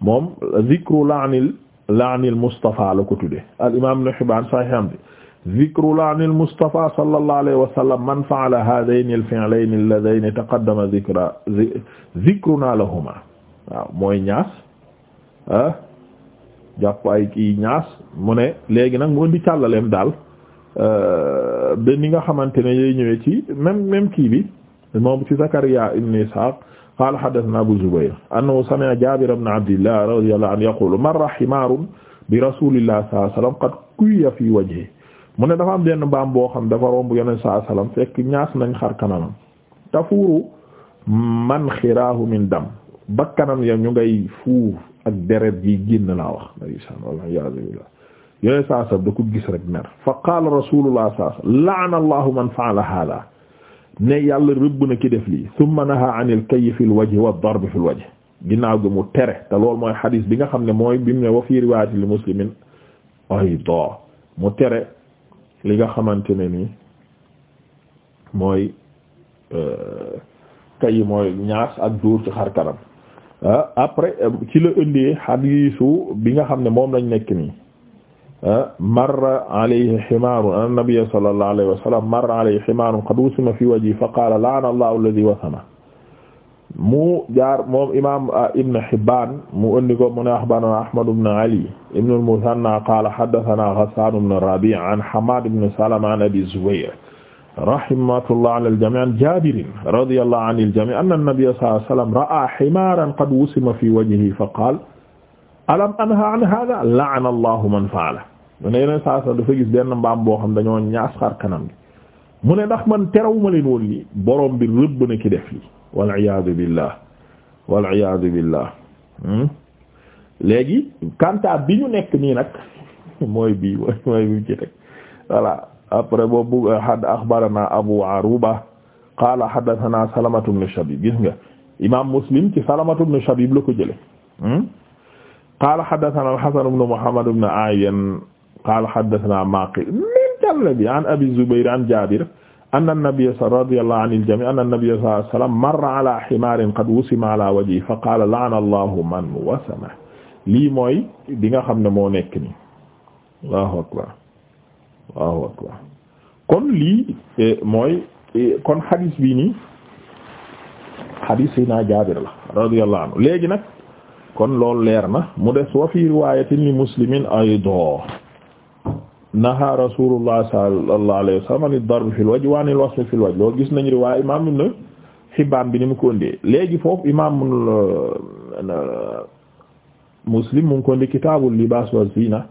moom zikru laanil laanil Mustafa la ko bi zikru laanil wa sallam man fa'ala haadayni al-fi'layni alladhayni taqaddama zikra zikrunaa lahumaa waaw mooy ñaas ah ay kii ñaas mu ne léegi nag mu indi càllaleem daal ah, ba ni nga xamante ne yooyu ñëwee ci même même kii bi moom ci Zakariya ibn Ishaq qaala haddasanaa Abuu Zubayr annahu sami'a Jaabira ibna Abdillah radiyallaahu anhu yaquulu marra himaarun bi rasuulillaahi sallallaahu alayhi wa sallam qad kuyya fii wajhihi mu ne dafa am benn mbaam boo xam dafa romb Yonent sallallaahu alayhi wa sallam fekk ñaas nañ xar kanamam tafuuru manxiraahu min dam bakkanam ya ñu ngay fuur ak deret ji génn laa wax ndeysaan wallaahi Yonent sallallaahu alayhi wa sallam da ko gis rek mer fa qaala rasuulullaahi sallallaahu alayhi wa sallam la'ana Allaahu man fa'ala haazaa ne yàlla rëbb na ki def lii summa naha anil kayyi fil wajhi wa darbi fil wajhi ginnaaw gi mu tere te loolu mooy xadis bi nga xam ne mooy bi mu ne wa fii riwaayati li muslimin ayda mu tere li nga xamante ne nii mooy euh, kay mooy ñaas ak dóor ci xar kanam ah, après euh, ci la ëndee xadisu bi nga xam ne moom lañ nekk nii Ah, marra alayhi himaarun anna nabiyya sallallahu alayhi wa sallam marra alayhi himaarun qad wusima fi wajhihi fa qaala la'ana allahu alladhi wasama mu jaar moom imaam ah, Ibn Hibbaan mu indi ko mu ne axbarana Ahmad ibn Ali ibn al-Muthanna qaala haddathanaa Ghassaan ibn Rabi' an Hammaad ibn Salama an Abi Zubayr rahimahullah ala al-jamii' an Jaabir radiyallahu anil jamii' anna an-nabiyya sallallahu alayhi wa sallam ra'aa himaaran qad wusima fi wajhihi fa qaala alam anhaa an haadhaa la'ana allahu man fa'alahu mu ne yeneen saa saa dafa gis benn mbaam boo xam dañoo ñaas xar kanam gi mu ne ndax man terewuma leen woon lii borom bi rëbb na ki def lii wal iyaadu billah wal iyaadu billah hmm? léegi kanta bi ñu nekk nii nag mooy bii mooy bi ci teg voilà après boobu had axbarana abu aruba qaala haddathana salamatu ibn shabib gis nga imam muslim ci salamatu ibn shabib la ko jële hmm? qaala haddathana al hasan ibn muhammad ibn ayyan qaala haddasanaa Maaqil min jàll bi an Abi Zubayr an Jaabir anna nabiyya radiyallahu anil jamii' anna nabiyya sallallahu alayhi wa sallam marra alaa himaarin qad wasima alaa wajhihi fa qaala la'ana Allahu man wasamahu lii mooy di nga xam ne moo nekk nii Allahu akbar Allahu akbar kon lii e, mooy e, kon hadis bii nii hadis Seydina Jaabir la radiyallahu anhu léegi nag kon loolu leer na mu des wa fii riwaayatin li Muslimin aydan naha rasulullah sallallahu alayhi wa sallam ani darb fil wajh wa anil wasf fil wajh loolu gis nañu riwaaya imam Ibn Hibbaan bi ni mu ko indee léegi foofu imam euh, Muslim mu ngi ko indi kitaabul libaas wa ziina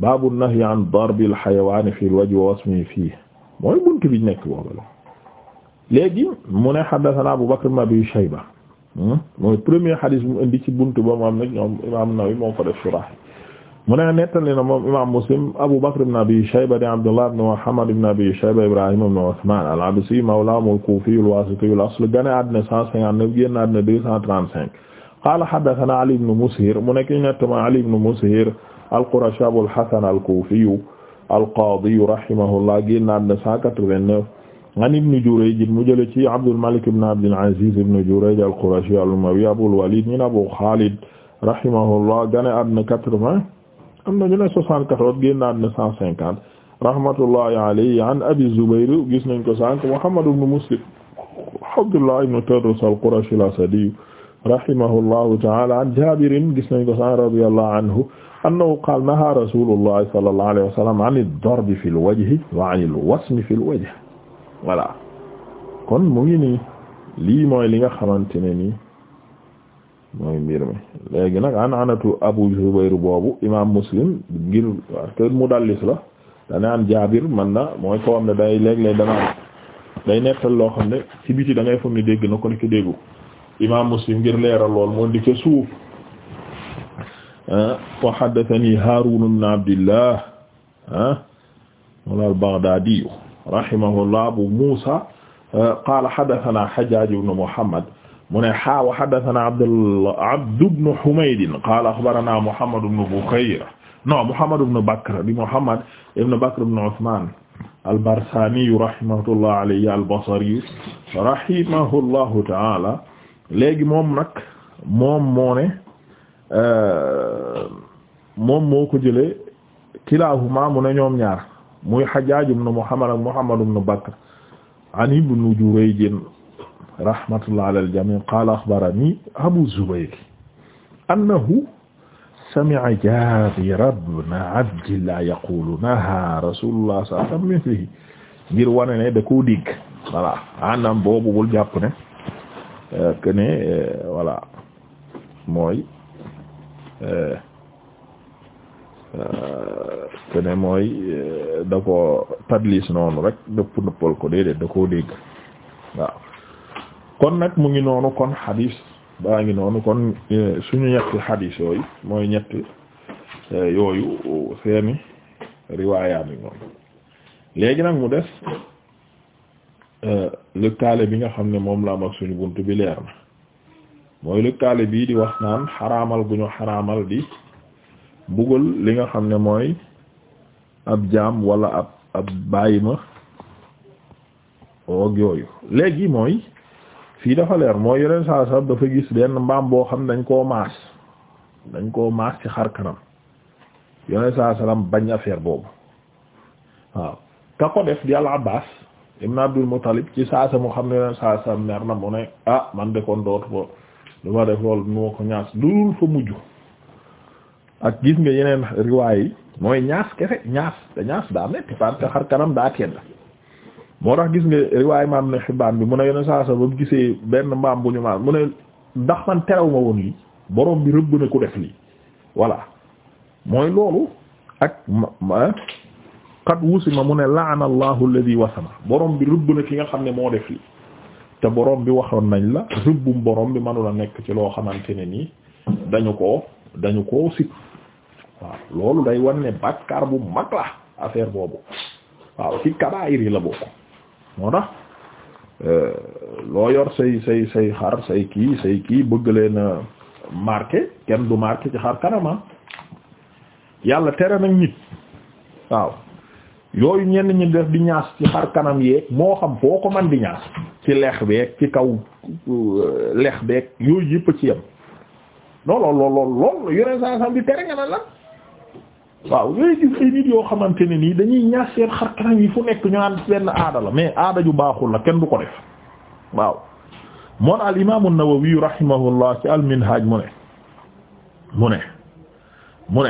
baabu nahyi an darbil hayawaani fil wajhi wa wasmihi fiihi mooy buntu bi nekk boobu la léegi mu ne haddasanaa Abu Bakr ibn Abi Shayba hmm? mooy premier hadith mu indi ci bunt ba mu am nag ñoom imam Nawawi moo ko def shurah mu ne nettali na moom imam Muslim Abu Bakr ibn Abi Shayba di Abdullah ibn Muhammad ibn Abi Shayba Ibrahim ibn Uthman al-Absi mawlahum al-Kufi al-Wasiti al-asl gane àddina 159 génn àddina 235 qala haddathana Ali ibn Mushir mu nekk nettama Ali ibn Mushir al-Qurashi Abu al-Hasan al-Kufi al-Qadi rahimahullah génn àddina 189 an ibn Jurayj mu jële ci Abdul Malik ibn Abdul Aziz ibn Jurayj al-Qurashi al-Umawi Abu al-Walid min Abu Khalid rahimahullah gane àddina 80 am na ñu ne soixante-quatorze génnaat na cent cinquante rahmatullahi alayhi an abi Zubayr gis nañ ko sànq Muhammad ibn Muslim Abdullah ibn Tadrus al-Qurashi al-Asadi rahimahullahu ta'ala an Jabir gis nañ ko sànq radiyallahu anhu annahu qala naha rasulullah sallallahu alayhi wa sallam an ad-darbi fil wajhi wa an al-wasmi fil wajhi voilà kon mu ngi nii lii mooy li nga xamante ne nii mooy mbir mi léegi nag an anatu Abu Zubayr boobu imaam Muslim ngir parce que mudallis la dana an Jaabir man na mooy ko am day léeg-léeg danaa day nettal loo xam ne ci biti da ngay foog ni dégg na ko ni ko déggu imaam Muslim ngir leeral lool moo di ca suuf wa haddathani Haarun ibn Abdillah ah wala al-Baghdadi rahimahullah Abu Muusa qaala haddathana Hajjaaj ibn Muhammad mu ne ha wa haddathana Abdullah Abd ibn Humayd qala akhbarana Muhammad ibn Bukayr non Muhammad ibn Bakr di Muhammad ibn Bakr ibn Uthman al-Barsani rahimahullah alayhi al-Basri rahimahullahu ta'ala léegi moom nag moom moo ne euh, moom moo ko jëlee kilahuma mu ne ñoom ñaar muy Hajjaj ibn Muhammad ak Muhammad ibn Bakr an ibn Jurayj rahmatullah ala al Abu Zubayr annahu sami'a Jaabir ibn Abdillah yaquulu nahaa rasuulullah sallallahu alayhi wa sallam mithlihi wane ne da koo dégg voilà anam bul jàpp ne euh, que ne euh, voilà mooy euh, que mooy da tadlis noonu rek dëpp nëppal ko déedéet da koo kon nag mu ngi noonu kon xadis baa ngi noonu kon eh, suñu ñetti xadis yooyu mooy ñetti eh, yooyu seeni riwaayaa mi noonu léegi nag mu des eh, lëkkaale bi nga xam ne moom la am ak suñu bunt bi leer na mooy lëkkaale bii di wax naan xaraamal bu ñu xaraamal di mbugal li nga xam ne mooy ab jaam wala ab ab bàyyi ma woog yooyu léegi mooy fii dafa leer moo yeneen saa dafa gis benn mbaam boo xam dañ koo maas dañ koo maas ci xar kanam yeneen saa salaam bañ affaire boobu waaw ka ko def di al Abbaas ibn Abdul Muttalib ci saasa mu xam ne yeneen saa salaam mer na mu ne ah man de kon dootu ko du ma def loolu nu ko ñaas dul fa mujj ak gis nga yeneen riwaay yi mooy ñaas kese ñaas te ñaas daa metti parce que xar kanam daa tedd moo tax gis nga riwaay maam ne xibaan bi mu ne yenn saa sa ba mu gisee benn mbaam bu ñu maam mu ne ndax man terew ma woon lii borom bi rëbb na ku def lii voilà mooy loolu ak qad ma mu ne la'ana allahu alladhi wasama borom bi rëbb na ki nga xam ne moo def lii te borom bi waxoon nañ la rëbbum borom bi mënula nekk ci loo xamante ne nii dañu ko dañu ko sit waaw loolu day wan ne bàkkaar bu mag la affaire boobu waaw ci kabaayir yi la bokk moo tax euh, loo yor say say say xar say kii say kii bëgg leen a marqué kenn du marqué ci xar kanama ah. yàlla tere nag nit waaw yooyu ñenn ñi def di ñaas ci xar kanam yeeg moo xam foo ko man di ñaas ci leex beeg ci kaw euh, lex beeg yooyu yëpp ci yem non lool lool lool lool yeneen saa di tere nga na lan waaw yooyu gis ay nit yoo xamante ne nii dañuy ñaas seen xar kanam yi fu nekk ñu naan benn aada la mais aada ju baaxul la kenn du ko def waaw moon al imaamu Nawawi rahimahullah ci al minhaj mu ne mu ne mu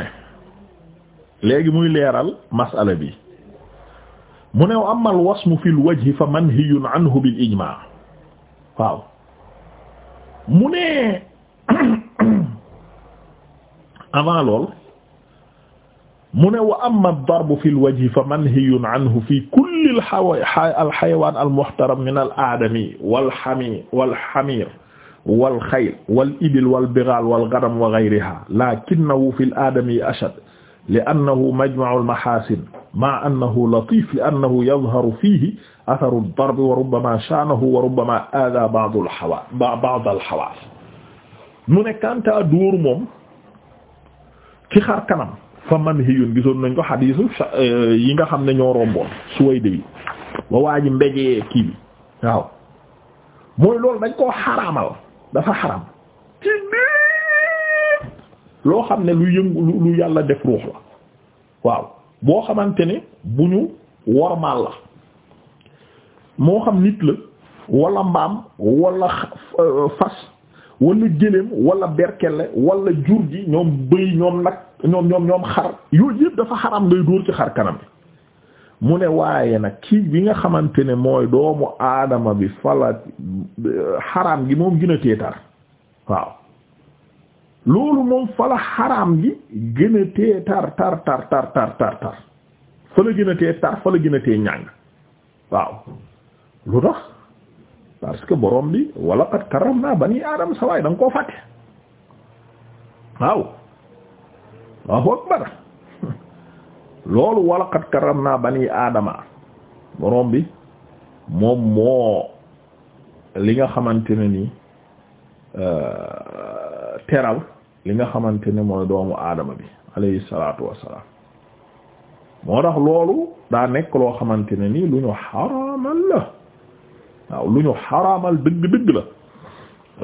léegi muy leeral masala bi mu ne amma al wasmu fil wajhi fa manhiyun anhu bil ijma waaw mu ne avant lool mu ne wa amma ad-darbu fi al-wajhi fa manhiyun anhu fi kulli al-hayawaan al-muhtaram min al-aadami wal-hami wal-hamiir wal-xayl wal-ibil wal-bighaal wal-ghanam wa ghayrihaa laakinnahu fi al-aadami ashad li'annahu majma'u al-mahaasin ma'a annahu latiif li'annahu yadharu fiihi atharu ad-darbi wa rubbamaa sha'nuhu wa rubbamaa aadaa ba'd al-hawaas ba'd al-hawaas mu ne kanta dóor moom ci xar kanam fa manhiyun gisoon nañ ko xadiisu euh, yi nga xam ne ñoo romboon way bi ba waa ji mbéjee kii bi waaw mooy loolu dañ koo xaraamal dafa xaram loo xam ne lu yëngu lu yàlla def ruux la waaw boo xamante ne bu ñu wormaal la moo xam nit la wala mbaam wala euh, fas wala géléem wala berkelle walla jur gi ñoom bëy ñoom nag ñoom ñoom ñoom xar yooyu yëpp dafa xaram ngay dóor ci xar kanam bi mu ne waaye nag kii bi nga xamante ne mooy doomu aadama bi fala xaram gi moom gën a teetar waaw loolu gi gën a tar tar tar tar tar tar fala gën a tee tar fala gën a ñàng waaw lu tax parce que borom bi wala qad karramna bani aadama sa waay da nga koo fàtte waaw Allahu akbar loolu wala qad karramna bani aadama borom bi moom moo li nga xamante ne ni euh, teral li nga xamante ne mooy doomu aadama bi alayhi salaatu wassalaam moo tax loolu daa nekk loo xamante ne ni lu ñu xaraamal la waaw lu ñu xaraamal dëgg-dëgg la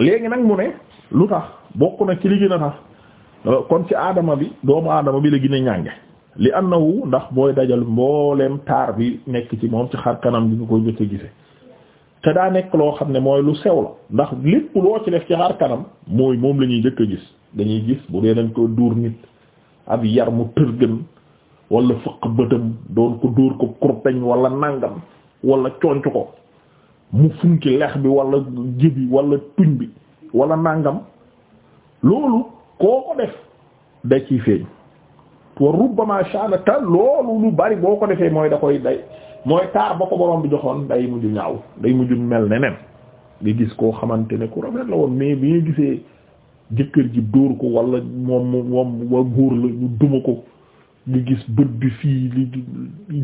léegi nag mu ne lu tax bokk na ci li gën a tax euh, kon ci aadama bi doomu aadama bi la gën a ñànge li annahu ndax booy dajal mbooleem taar bi nekk ci moom ci xar kanam bi nga koy jot a gise te daa nekk loo xam ne mooy lu sew la ndax lépp loo ci def ci xar kanam mooy moom lañuy ñuy jëkk a gis dañuy gis bu dee dañ ko duur nit ab yar mu tërgën wala fëq bëtam doon ko duur ko kurpeñ wala nangam walla conc ko mu funki lex bi wala jibi wala tuñ bi wala nàngam loolu koo ko def da ciy feeñ wa rubbama sha'na te loolu lu bari boo ko defee mooy da koy day mooy taar ba ko borom bi joxoon day mujj ñaaw day mujj mel neneen nga gis koo xamante ne ku rafet la woon mais bi nga gisee jëkkër ji dóor ko walla moom moom wa góor la duma ko nga gis bët bi fii li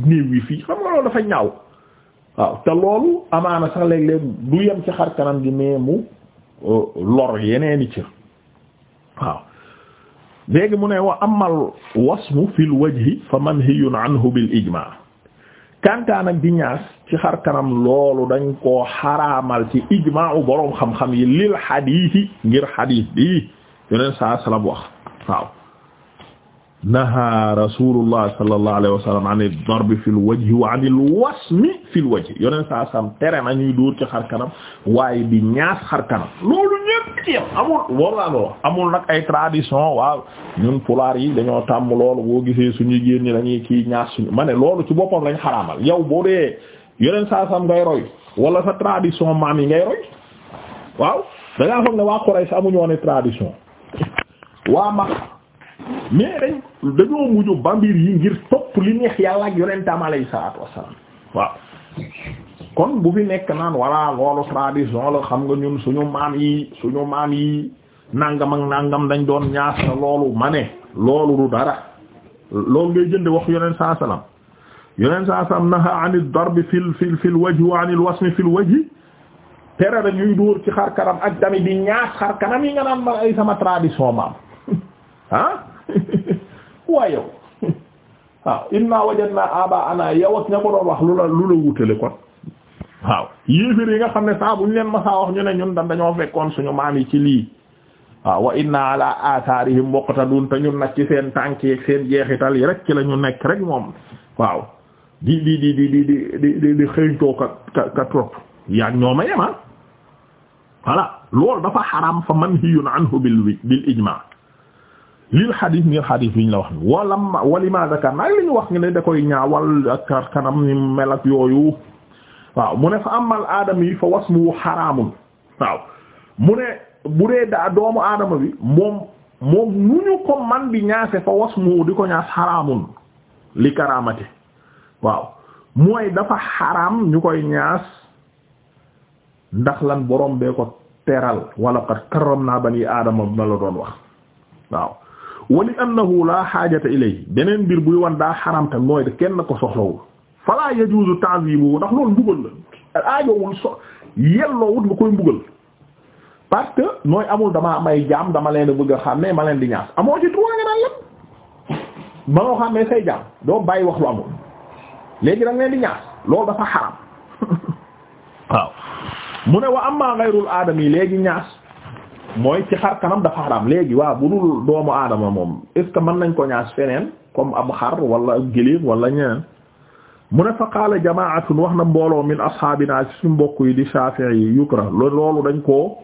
néew yi fii xam nga loolu dafa ñaaw waaw te loolu amaana sax léeg-léeg du yem ci xar kanam gi mais mu euh, lor yeneeni cër waaw léegi mu ne wa amal wasmu fil wajhi fa manhiyun anhu bil ijma kantaa nag di ñaas ci xar kanam loolu dañ ko xaraamal ci ijmau boroom xam-xam yi lil xadiisi ngir xadiis bi yeneen saa salam wax waaw naha rasulullah sallallahu alayhi wa sallam an ad-darb fil wajhi wa an al-wasmi fil wajhi yoneen saa sam tere na ñuy dóor ci xar kanam waaye bi ñaas xar kanam loolu ñëpp ci yam amul loolu laa amul nag ay tradition waaw ñun pulaar yi dañoo tàmm loolu boo gisee suñu génn ñi dañuy kii ñaas suñu ma ne loolu ci boppam lañ xaramal yow boo dee yoneen saa sam ngay roy wala sa tradition maam yi ngay roy waaw da ngaa foog ne waa Quraysh amuñu woon tradition waa ma mais dañ dañoo mujj ba mbir yi ngir topp li neex yàlla ak yonentam alayhi waaw kon bu fi nekk naan walla loolu tradition la xam nga ñun suñu maam yi suñu maam yi nangam nangam dañ doon ñaas na loolu ma ne loolu du dara loolu ngay jënd wax yonent saa salaam yonent saa salaam naha il darbi fil fil fil wajhi wa anil wasmi fil wajhi tere rek ñuy dóor ci xar kanam ak tamit di ñaas xar kanam yi nga naan man ay sama tradition maam ah waa yow waaw inna wajadna aba ana yow ak ña ko wax lu la lu la wutale kon waaw yéeféer yi nga xam ne saa buñ leen masaa wax ñu ne ñun dan dañoo fekkoon suñu maam yi ci lii waaw wa inna ala atharihim muqtadun te ñun nag ci seen tànk yi seen jeexital yi rek ci lañu nekk rek moom waaw di di di di di di di di xëyntoo ka ka ka trop yaag ñooma yema ah. loolu dafa xaram fa manhiyun anhu bil bil ijma lil xadis ngir xadis bi la wax ni walam walima zakar naag li ñu wax ne da koy ñaawal ak kanam ni yooyu waaw mu ne fa amal aadam yi fa wasmuwu mu ne bu doomu aadama bi moom moom nu ñu di ko ñaas xaraamun li karaamate waaw mooy dafa xaraam ñu koy ñaas ndax lan borom bee ko teral wala qad karramna bani aadama bi ma la doon wax waaw wali annahu laa xaajata ilayhi beneen mbir buy wan daa xaram tam mooy kenn ko soxlawul fala yajuzu ta'zibu ndax loolu mbugal la aajowul so yelloowut nga koy mbugal parce que nooy amul damaa may jaam dama leen bëgg a xam ma leen di ñaas amoo ci droit nga naan lépp ma nga xam ne jaam doo bàyyi wax lu amul léegi da nga leen di ñaas loolu dafa xaram waaw mu ne wa amma ghayrul aadami léegi ñaas mooy ci xar kanam dafa xaram léegi waaw bu dul doomu aadama moom est que mën nañ ko ñaas feneen comme ab xar wala géléem wala ñeen mu ne fa qaala jamaatun wax na mbooloo min ashaabina ci suñu mbokk yi di Shafi'i yi yukra loolu dañ koo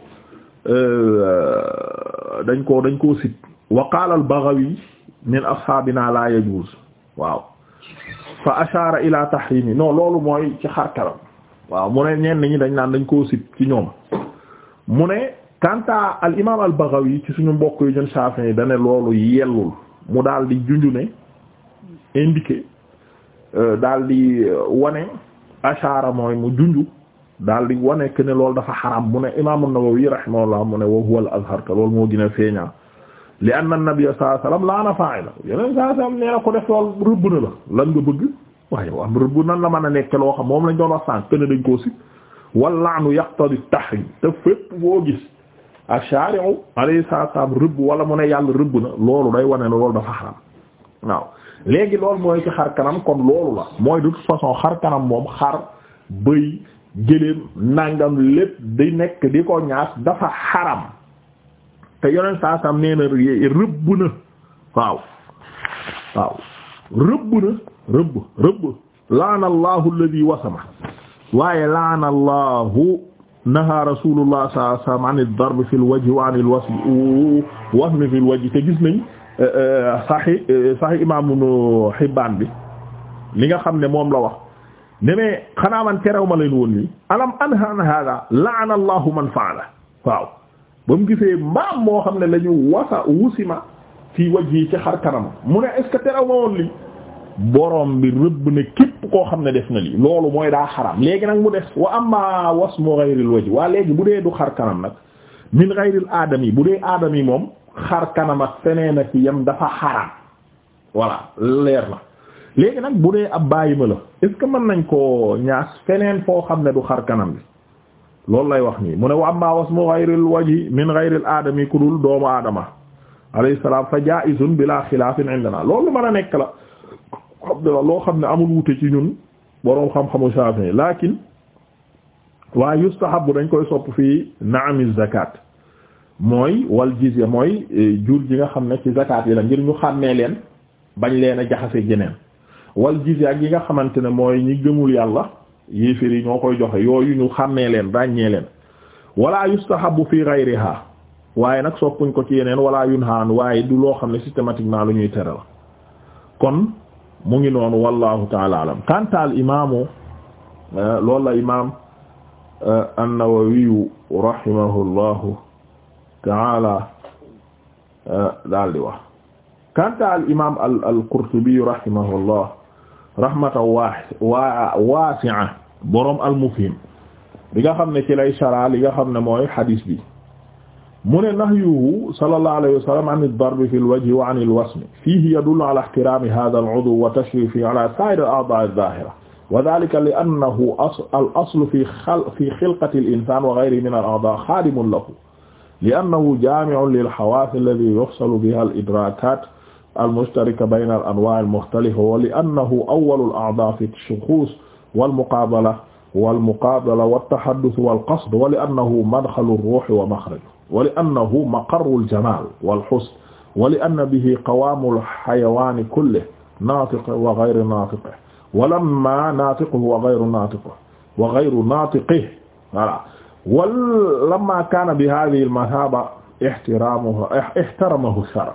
euh, dañ ko dañ koo sit wa qaala al-Baghawi min ashaabina la yajuuz waaw fa ashaara ila tahrimi non loolu mooy ci xar kanam waaw mu ne ñenn ñi dañ naan dañ ko sit ci ñoom mu ne kanta al imaam al Baghawi ci suñu mbokk yi ñun Shafi'i yi dane loolu yellul mu daal di junju ne indiqué euh, daal di euh, wane ashara mooy mu junju daal di wane que ne loolu dafa xaram mu ne imaam an-Nawawi rahimahullah mu ne wa huwa al-azhar te loolu moo gën a feeñaa li anna an-nabiy sallallahu alayhi wasallam laana fa'ila yeneen sallallahu alayhi wasallam na ko def lool rëbb na la lan nga bëgg waaye am rëbb nan la mën a nekk loo xam moom lañ doon wax sànq que ne dañ koo si wal la'nu yaqtadi ash-shari'u alayhi salaam rëbb wala mu ne yàlla rëbb na loolu day wane ne loolu dafa xaram waaw léegi loolu mooy ci xar kanam kon loolu la mooy de toute façon xar kanam moom xar bëy géléem nangam lépp di nekk di ko ñaas dafa xaram te yoneen saa saam nee na waaw waaw na rëbb rëbb laana allahu alladhi wasama waaye laana allahu naha rasulullah sallallahu alayhi wa sallam an ad-darb fi al-wajh wa an al-wasl wasl fi al-wajh te gis nañ euh, euh, sahih euh, sahih imam Ibn Hibban bi li nga xam ne moom la wax ne mais xanaa man terew ma leen woon lii alam anha an hada la'ana allahu man fa'ala waaw ba mu gisee mbaam moo xam ne la ñu wasa wusima fii wajhi ci xar kanam mu ne est ce que terew ma woon lii borom bi rëbb ne képp koo xam ne def na lii loolu mooy daa xaram léegi nag mu def wa amma wasmu ghayril wajh waa léegi bu dee du xar kanam nag min ghayril aadam yi bu dee aadam yi moom xar kanam ak feneen ak yam na léegi nag bu dee ab bàyyi ma la est que mën nañ koo ñaas feneen foo xam ne du xar kanam bi loolu lay wax nii mu ne wa amma wasmu ghayril wajhi min ghayril aadam yi ku dul doomu aadama alayhi salaam fa jaa'izun bilaa xilaafin lool loolu mën a nekk la. abdullah loo xam ne amul wute ci ñun boroom xam-xamu Shafi'i lakin waaye yustahabu dañ koy sopp fii naami zakat mooy wal jizya mooy eh, jur ji nga xam ne ci zakat yi la ngir ñu xàmmee leen bañ leen a jaxase geneen wal jizya ak yi nga xamante ne mooy ñi gëmul yàlla yéefér yi ñoo koy joxe yooyu ñu xàmmee leen ràññee leen wala yustahabu fii ghayriha waaye nag soppuñ ko ci yeneen wala yunhaan waaye du loo xam ne systématiquement lu ñuy tere la kon mu ngi noonu wallahu taala alam kantaal imaamu eh, loolu la imaam eh, an-Nawawiyu rahimahullahu taala eh, daal di wax kantaal imaam al al Qurtubiyu rahimahullah rahmatan waa waasi'a borom al-Mufhim li nga xam ne ci lay sara li nga xam ne mooy hadis bi mu ne nahyuhu sallallahu alayhi wa sallam an ad-darb fi al-wajhi wa an al-wasm fihi yadullu ala ihtirami hadha al-'udw wa tashrifihi ala sa'ir al-a'dha' adh-dhahira wa dhalika li annahu al-aslu fi fi khilqati al-insan wa ghayrihi min al-a'dha' khadimun lahu li annahu jami'un lil-hawass allati yuhsalu biha al-idrakat al-mushtarika bayna al-anwa' al-mukhtalifa wa li annahu awwalu al-a'dha' fi ash-shukhus wal-muqabala wal-muqabala wat-tahadduth wal-qasd wa li annahu madkhalu ar-ruh wa makhrajuh wa li annahu maqarru al-jamaal wal-husn wa li anna bihi qawaamu al-hayawaani kullihi naatiqihi wa ghayru naatiqihi wa lammaa naatiquhu wa ghayru naatiqihi wa ghayru naatiqihi voilà wa lammaa kaana bi haadhihi al-mathaaba ihtiraamuhu ihtaramahu ash-shar'u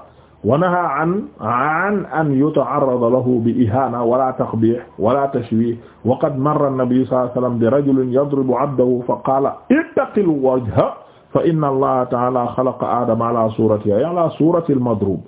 wa nahaa an an an yuta'arrada lahu bi ihaana wala taqbiih wala tashwiih wa qad marra an-nabiyyu sallallahu alayhi wa sallam bi rajulin yadribu abdahu fa qaala ittaqil wajha fa inna allaha taala xalaqa adama ala surati ala surati almadrub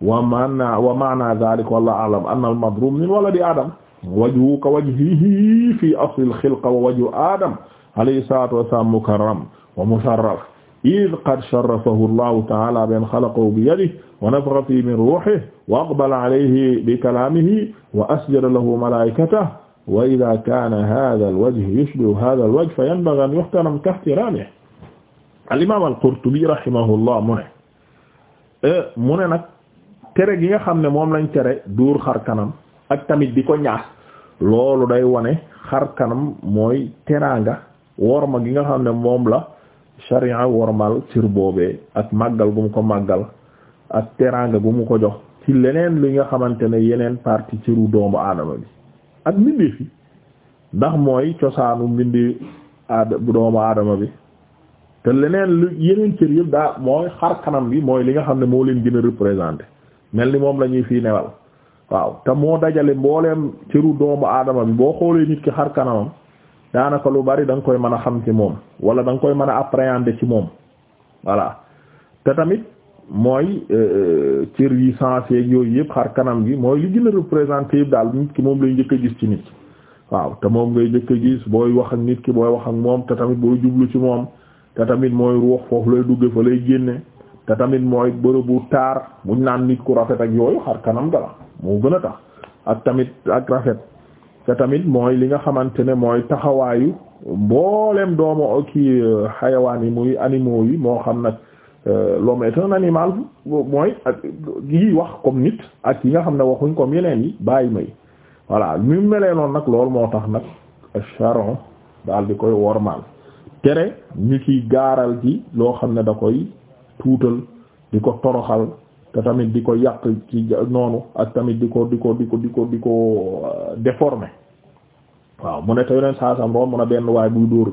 wa maana wa maana dalik wallahu a'lam anna almadrub min waladi adam wajhu ka wajhihi fi asli alxilqa wa wajhu adam alayhi salatu wassalam mukarram wa musharraf id qad sharafahu allahu taala bi an xalaqahu bi yadihi wa nafakha fihi min ruhihi wa aqbala alayhi bi kalamihi wa asjada lahu malaikatahu wa idha kana hadha alwajhu yushbihu hadha alwajh fayanbaghi an yuhtaram ka ihtiramihi al imaam al qurtubi rahimahullah mu ne eh, mu ne nag tere gi nga xam ne moom lañ tere duur xar kanam ak tamit di ko ñaax loolu day wane xar kanam mooy teraanga worma gi nga xam ne moom la sharia wormal cir boobee ak màggal gu mu ko màggal ak teraanga gu mu ko jox ci leneen li nga xamante ne yeneen parti ciru doomu aadama bi ak mbindeef yi ndax mooy cosaanu mbindi aada bu doomu aadama bi te leneen lu yeneen cër yëpp daa mooy xar kanam bi mooy li nga xam ne moo leen gën a représenté mel ni moom la ñuy fii newal waaw te moo dajale mbooleem cëru doomu aadama bi boo xoolee nit ki xar kanamam daanaka lu bari da koy mën a xam ci moom wala da nga koy mën a appréhender ci moom voilà te tamit mooy euh, euh, cër yi sensé ak yooyu yëpp xar kanam gi mooy li gën a représenté yëpp daal nit ki moom lay njëkk a gis ci nit waaw te moom ngay njëkk a gis booy wax ak nit ki booy wax ak moom te tamit booy jublu ci moom te tamit mooy ruux foofu lay dugge fa lay génne te tamit mooy bërëbu taar buñ naan nit ku rafet ak yooyu xar kanam gala moo gën a tax ak tamit ak rafet te tamit mooy li nga xamante ne mooy taxawaayu mboolem doomu kii euh, xayawaan yi muy animaux yi moo xam nag euh, l'homme est un animal wax comme nit ak yi nga xam ne waxuñ comme yeneen yi bàyyi may voilà mu melee noonu nag loolu moo tax nag ak charon dal di koy wormaal tere ñu ki gaaral ci loo xam ne da koy tuutal di ko toroxal te tamit di ko yàq ci noonu ak tamit di ko di ko di ko di di ko euh, déformé waaw mu ne te yeneen saasam room mun a benn waay buy dóor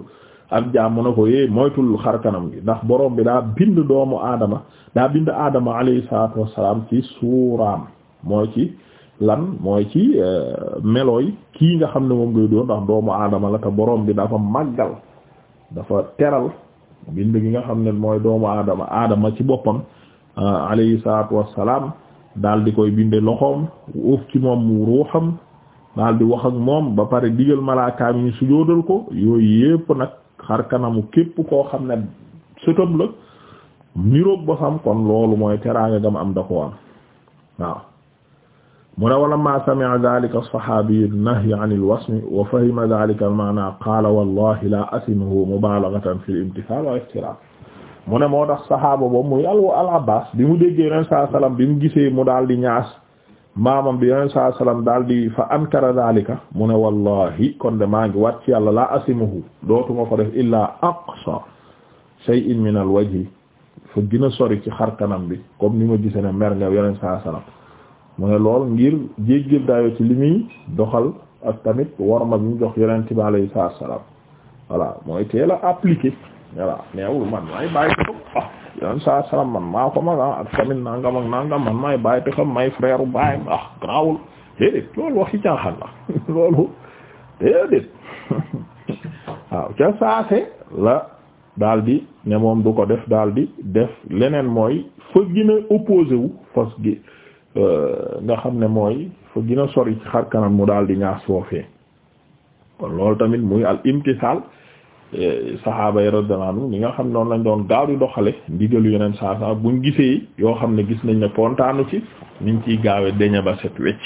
ak jaam mu ne ko yee eh, moytul xar kanam gi ndax borom bi daa bind doomu aadama daa bind aadama alayhi salaatu wassalaam ci suuraam mooy ci lan mooy ci euh, melooy kii nga xam ne moom ngay dóor ndax doomu aadama la te borom bi dafa màggal dafa teral bind gi nga xam ne mooy doomu aadama aadama ci boppam ah, alayhi salaatu wassalaam daal di koy binde loxoom uuf ci moom ruuxam daal di wax ak moom ba pare digal malaakaam yi sujóodal ko yooyu yépp nag xar kanamu képp koo xam ne sëtam la niroog ba kon loolu mooy teraanga gam am da am waaw mu ne wala ma sami'a dhalika as-sahabi an-nahy 'an al-wasm wa fahima dhalika al-ma'na qala wallahi la asimuhu mubalaghatan fi al-imtithal wa ihtiram mu ne moo tax sahaaba ba muy al al-Abbas bi mu déggee yoneen saa sallam bi mu gisee mu daal di ñaas maamam bi yoneen saa sallam daal di fa ankara dhalika mu ne wallahi kon de maa ngi wat ci yàlla la asimuhu dootuma ko def illa aqsa shay'in min al-wajhi fa gën a sori ci xar kanam bi comme ni ma gisee ne mer nga yoneen saa sallam mu ne lool ngir jéggi dayo ci li muy doxal ak tamit warma bi ñu jox yonent bi alayhi salaam voilà mooy teel appliqué voilà neewul man ah, man maa ko mag ah, ak tamit nangam ak nangam man may bàyyi te xam may frère bàyyi ah grawul déedéet loolu waxi caaxaan la loolu déedéet waaw ca saase la daal ne moom du ko def daal di def leneen mooy fa gën a opposé gi Euh, nga xam ne mooy fa gën sori ci xar kanam mu daal di ñaas foofee kon loolu tamit muy al imtisaal e, saxaaba yi radiyallahu anhum li nga xam noonu lañ doon gaaw di doxale ndigalu yeneen saa saa buñ gisee yoo xam ne gis nañ ne kontaanu ci niñ ciy gaawe deña ba set wecc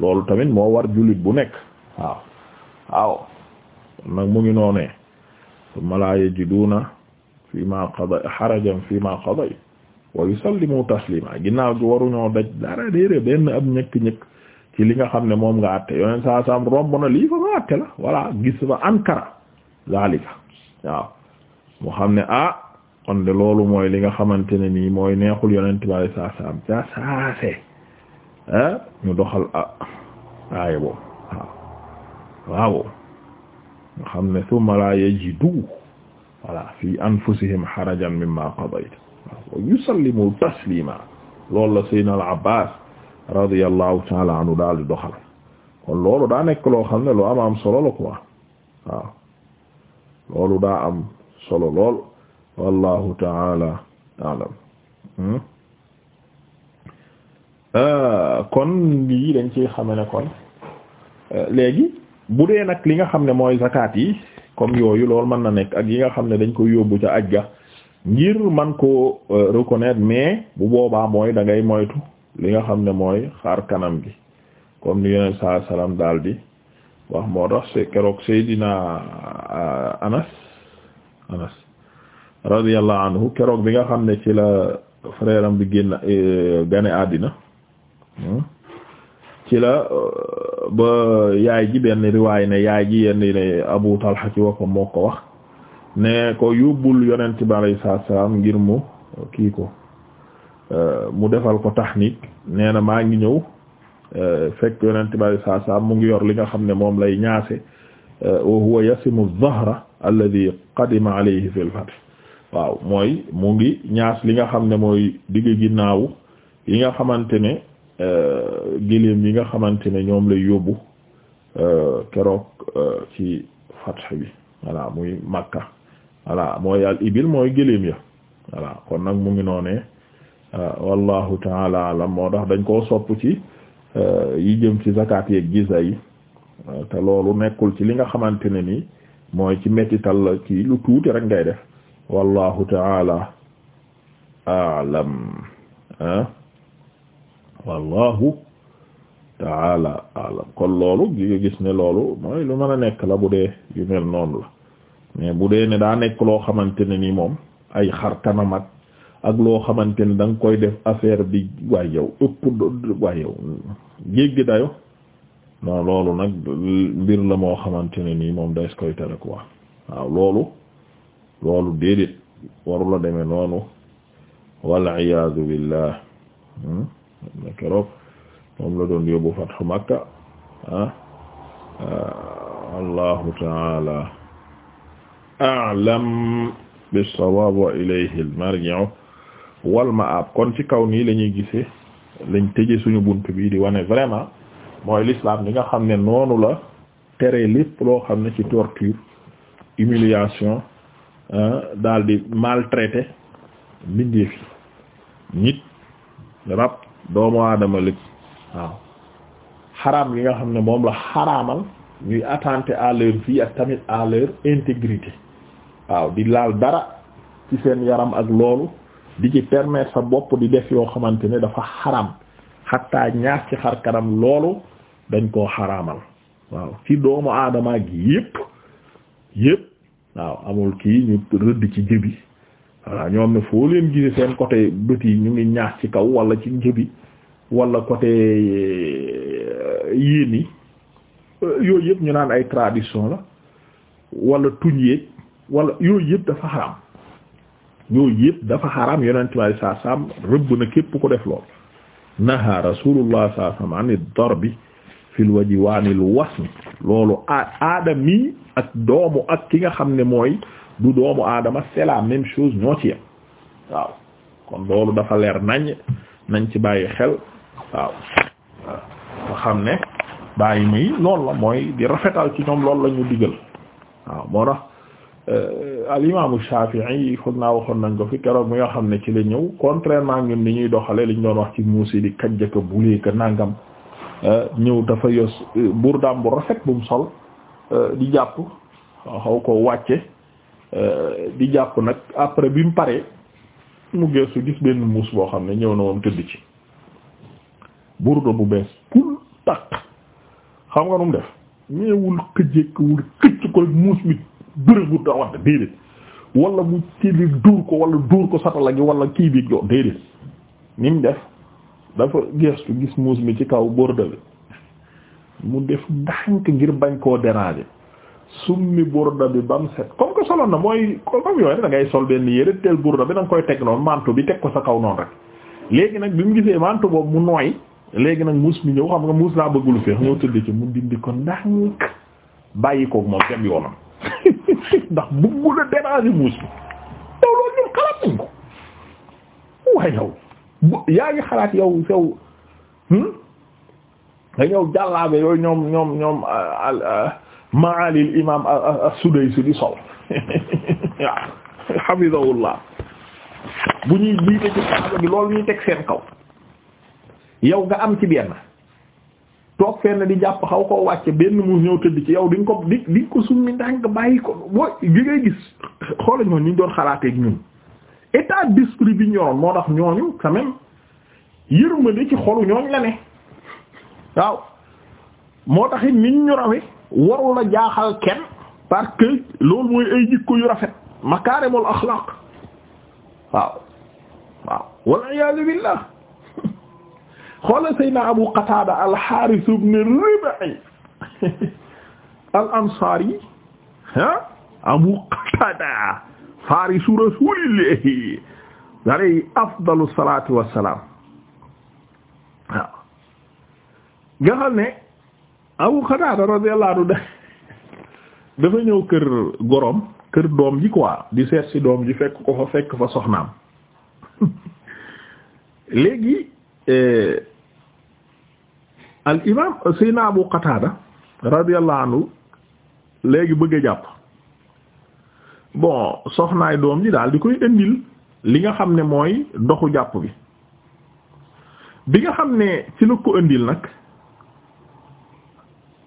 loolu tamit moo war jullit bu nekk waaw waaw nag mu ngi noonee summa laa yajiduuna fi ma qada harajan fi ma qadayt wa yusallimu taslima ginnaaw gi waruñoo daj dara déedéet benn ab ñëkk-ñëkk ci li nga xam ne moom nga àtte yoneen saa saam romb na lii fa nga àtte la voilà gis ba ankara zalika waaw mu xam ne ah kon de loolu mooy li nga xamante ne nii mooy neexul yonent bi alei ca saase ah ñu doxal ah aaye boobu waaw waaw nga xam ne summa la yajidu voilà fi anfusihim harajan mimma qadayt wa yusallimu taslima loolu la sayyidina al-Abbas radiyallahu ta'ala anhu daal di doxal kon loolu daa nekk loo xam ne lu am am solo la quoi waaw loolu daa am solo lool wallahu ta'ala a'lam hmm? euh, kon lii dañ ci xame ne kon euh, léegi bu dee nag li nga xam ne mooy zakat yi comme yooyu loolu mën na nekk ak yi nga xam ne dañ koy yóbbu ca aj ga ngir man ko euh, reconnaître mais bu boobaa mooy dangay ngay moytu li nga xam ne mooy xaar kanam gi comme ni yonent saa salaam daal di wax moo tax keroog Seydina euh, Anas Anas radiyallahu anhu keroog bi nga xam ne ci la frère am bi génn euh, gane àddina hmm, ci la ba yaay ji benn riwaay ne yaay ji yenn ne Abu Talha ci boppam moo ko wax ne ko yóbbul yonent bi alayhi ngir mu kii ko euh, mu defal ko tahnik nee na maa ngi ñëw euh, fekk yonent bi alayhi salaam mu ngi yor li nga xam ne moom lay ñaase euh, wa huwa yasimu dhahra alladhi qadima alayhi fil fath waaw mooy mu ngi ñaas li nga xam ne mooy digg ginnaaw yi nga xamante ne Euh, giléem yi nga xamante ne ñoom lay yóbbu euh, keroog euh, ci fatx bi voilà muy Makka voilà mooy al ibil mooy giléem ya voilà kon nag mu ngi noonee wallahu taala alam moo tax dañ koo sopp ci yi jëm ci zakat yeeg gisa yi te loolu nekkul ci li nga xamante ne ni mooy ci mettital la kii lu tuuti rek ngay def wallahu taala alam wallahu taala alam kon loolu li nga gis ne loolu mooy lu mën a nekk la bu dee yu mel noonu la mais bu dee ne daa nekk loo xamante ne ni moom ay xar kanam ak ak loo xamante ne da koy def affaire bi waay yow ëpp waay yow jéggi dayo non loolu nag mbir la moo xamante ne nii moom days koy tere quoi waaw loolu loolu déedéet waru la noonu wal iyaadu billah hmm? keroog moom la doon yóbbu fathu Makka ah, allahu taala a'lam bis-sawaab wa ilayhi al-marji'u wal ma'aab kon ci kaw nii lañuy ñuy gisee lañ tëje suñu bunt bi di wane vraiment mooy lislaam li nga xam ne noonu la tere lépp loo xam ne ci torture humiliation ah, daal di maltraité mbindeef yi nit rab doomu aadama lépp waaw xaraam yi nga xam ne moom la xaraamal ñuy attenter à leur ak tamit à leur intégrité waaw di laal dara ci seen yaram ak loolu di ci permettre sa bopp di def yoo xamante ne dafa xaram xattaa ñaas ci xar loolu dañ koo xaraamal waaw ci doomu aadama gi yépp yépp waaw amul kii ñu rëdd ci jëbi voilà ñoom ne foo leen gisee seen côté bët yi ñu ngi ñaax ci kaw wala ci njëbi wala côté yéen yi yooyu yëpp ñu naan ay tradition la walla tuñ yéeg walla yooyu yëpp dafa xaraam yooyu yëpp dafa xaraam yonent bi saa saam rëbb na képp ko def lool naha rasulullah saa saam bi darbi fil waji waanil wasmi loolu aadam yi ak doomu ak ki nga xam ne mooy du doomu aadama c'est la même chose ñoo ci yem waaw kon loolu dafa leer nañ nañ ci bàyyi xel waaw waaw nga xam ne bàyyi muy loolu la mooy di rafetal ci ñoom loolu la ñu digal waaw moo tax euh, al imaamu yi foog naa waxoon nañ ko fi keroog mi nga xam ne ci la ñëw contrairement ñun ni ñuy doxale liñ doon wax ci muus muusi di kajjaka bulee ka nangam euh, ñëw dafa yos euh, burdaam bu rafet bu mu sol di jàpp xaw ko wàcce di jàpp nag après bi mu paree mu gëstu gis benn muus boo xam ne ñëw na moom tëdd ci burda bu bees pul takk xam nga num def ñeewul këjëk wul këcc ko rek muus mi bërëb bu da wax déedéet wala mu ci li duur ko wala duur ko satala gi wala kii bi joo déedéet ni mu def dafa gestu gis muus mi ci kaw burda bi mu def ndànk ngir bañ koo déranger summi burda bi bam set comme que soloon na mooy comme yooyu da ngay sol benn yére teel burda bi da nga koy teg noonu mantu bi teg ko sa kaw noonu rek léegi nag bi mu gisee mantu boobu mu nooy léegi nag muus mi ñëw xam nga muus laa bëggul feex ñoo tëdd ci mu dindi ko ndànk bàyyi koog moom dem yoonam ndax bëggul a déranger muus mi yow loolu ñun xalaat nañ yow yaa ñëw hmm? jàllaabe yooyu ñoom ñoom ñoom maalil imam as-Sudaysi di sol waaw hafizahullah bu ñuy jiite ci saaba loolu ñuy teg seen kaw yow nga am ci benn toog fenn di jàpp xaw koo wàcce benn mu ñëw tëdd ci yow di nga ko di di ko summi ndànk bàyyi ko booy gi ngay gis xoolal ñoom ñu doon xalaateeg ñun état d'esprit bi ñoroon moo tax ñooñu quand même yërmande ci xolu ñooñ la ne waaw moo taxit it nit ñu rawe warul a jaaxal kenn park que loolu mooy ay jikko yu rafet makaarimul axlaaq waaw waaw wal iyaadu billah xoola Seydina Abu Qatada al-Harith ibn Rib'i al-Ansari ah Abu Qatada farisu Rasulillahi alayhi afdalu salatu wassalam waaw nga xam ne Abu Qatada radiyallahu anhu dafa ñëw kër gorom kër doom ji quoi di seet si doom ji fekk ko fa fekk fa soxnaam léegi eh, al imaam Seydina Abu Qatada léegi bëgg jàpp bon soxnaay doom ji daal di koy indil li nga xam ne mooy ndoxu jàpp bi bi nga xam ne ci la ko indil nag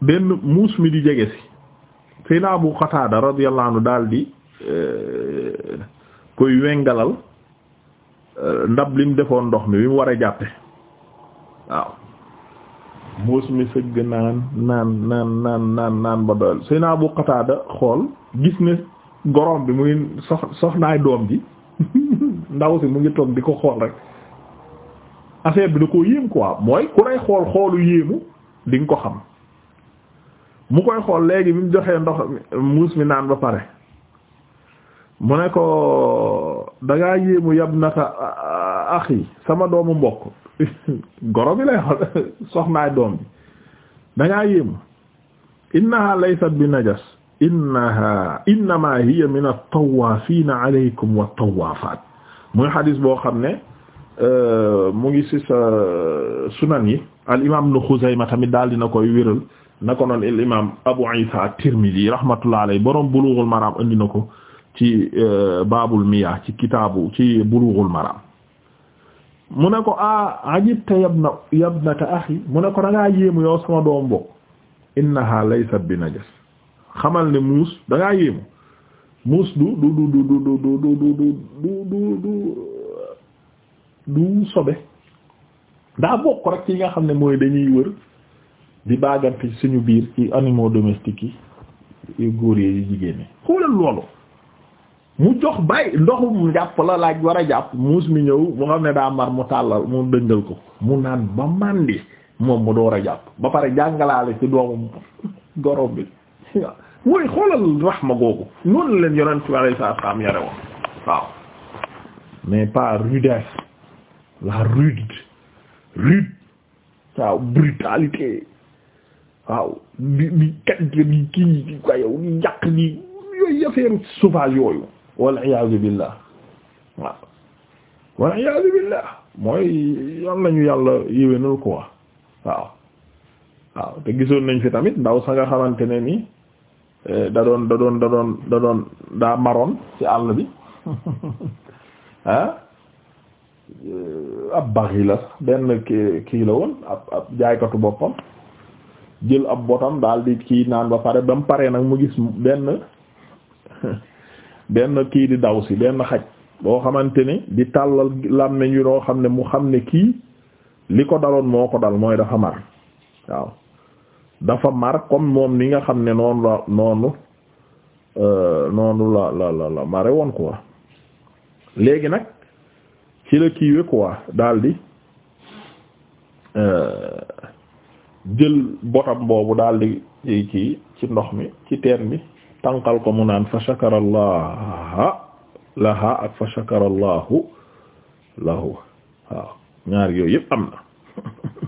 benn muus mi di jege si Seydina Abu Qatada daal di eh, koy wengalal eh, ndab lim defoon ndox mi bi mu war a jàppe waaw muus mi sëgg naan naan naan naan naan naan ba doyal naa Abu Qatada xool gis ne gorom bi muy ngi sox soxnaay doom ji ndaw si mu ngi toog di ko xool rek affaire bi da koo yéem quoi mooy ku lay xool xoolu yéemu di ko xam mu koy xool léegi bi mu joxee ndox muus mi naan ba pare mu ne ko dangaa yéemu yab nata axi sama doomu mbokk goro bi lay xol soxnaay doom bi dangaa yéemu innaha laysat bi najas innaha innama hiya min at-tawaafina alaykum wat-tawaafaat muy xadis boo xam ne euh, mu ngi ci sa euh, sunan yi al imam ibn Xuzayma tamit daal dina koy wéral na ko noon al imam Abu Isa at-Tirmidhi rahmatullah alayhi boroom Bulughul Maram indi na ko ci euh, baabul miyaah ci kitaabu ci Bulughul Maram mu ne ko a ajibta yabna yabnata axi mu ne ko da ngaa yow sama doom bo innaha laysat bi najas xamal ne muus da ngaa yéemu muus du du du du du du du du sobe daa bokk rek ci nga xam ne mooy dañuy wër di baagante suñu biir ci animaux domestiques yi yu góor yi jigéen ñi xoolal loolu mu jox bàyyi ndoxum njàpp la laaj war a jàpp muus mi ñëw mu xam ne daa mar mu tàllal mu dëngal ko mu naan ba màndi moom mu door a jàpp ba pare jàngalaale ci doomu gorom bi mooy xoolal leen yonent bi alayhi salaam yare woon waaw mais pas rudesse la rude rude waaw brutalité waaw di di kat di kii di ko yow yooyu affaire sauvage yooyu wal iyaazu billah waaw wal iyaazu billah mooy yal nañu yàlla yéwénal quoi waaw waaw te gisoon nañ fi tamit ndaw sa nga xamante ne ni eh, da doon da doon da doon daa maroon ci àll bi ah eh, ab baxi la benn ki kii la woon ab ab jaaykatu boppam jël ab botam daal di kii naan ba pare ba mu nag mu gis benn benn kii di daw si benn xaj boo xamante ni di tàllal làmmiñ yu noo xam ne mu xam ne kii li ko daloon moo ko dal mooy dafa mar waaw dafa mar comme moom ni nga xam ne noonu la noonu euh, noonu la la la mare woon quoi léegi nag ci la kiiwe quoi daldi euh, jël botam boobu daldi ci ci ndox mi ci teen bi tànqal ko mu naan fa shakara allaha laha ak fa shakara lahu waaw ñaar yooyu yëpp am na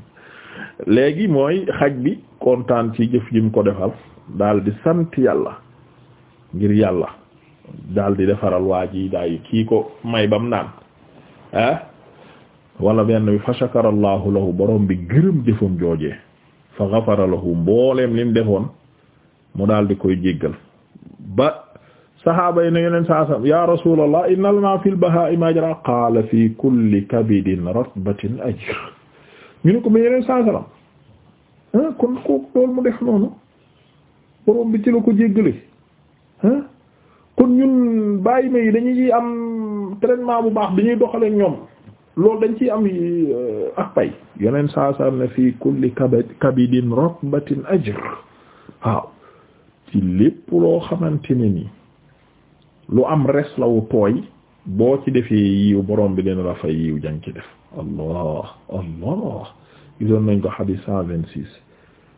léegi mooy xaj bi kontaan ci jëf jim ko defal daal di sant yàlla ngir yàlla daal di defaral waa ji kii ko may bam naan ah wala benn bi fa shakara allahu lahu borom bi gërëm jëfam joojee fa ghafara lahu mbooleem lim defoon mu daal di koy jéggal ba sahaaba yi ne yeneen saa sam ya rasulallah inna lana fil bahaa'im ajra qaala fi kulli kabidin ratbatin ajr ñu ne ko mais yeneen saa salam ah kon kooku loolu mu def noonu borom bi ci la ko jéggale ah ñun bàyyi ma yi dañuy am traitement bu baax bi ñuy doxalee ñoom loolu dañ ciy am eh, ak pay yeneen saa sam ne fii kulli kabidin ratbatin ajr ci lépp loo xamante ne lu am res la wu tooy boo ci defee yiw borom bi dina la fay yiw jang ci def allah allah ko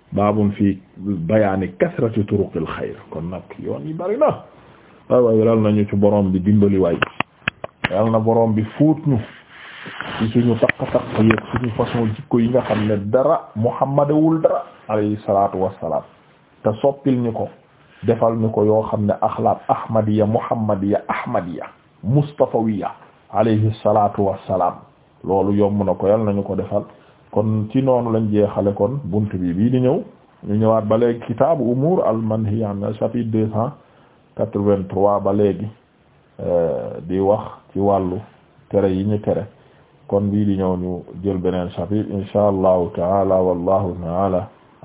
baabum fii bayaani kasrati turuqil xayr kon nag yoon yi bari na waay nañu ci boroom bi dimbaliwaay waay yal na borom bi fuut ñu ci suñu takk-takk yeeg suñu façon jikko yi nga xam ne dara muhammadawul dara alayhi salaatu wassalaam te soppil ñu ko defal ñu ko yoo xam ne axlaaq ahmadiya muhammadiya ahmadiya mustafawiya alayhi salatu wassalaam loolu yomb na ko yal nañu ko defal kon ci noonu lañ jeexale kon bunt bi bii di ñëw ñu ñëwaat ba léegi kitaabu umuur al manhiya an chapitre deux cent quatre-vingt-trois ba léegi euh, di wax ci wàllu tere yi ñu tere kon bii di ñëw ñu jël beneen chapitre insha allahu taala wallahu taala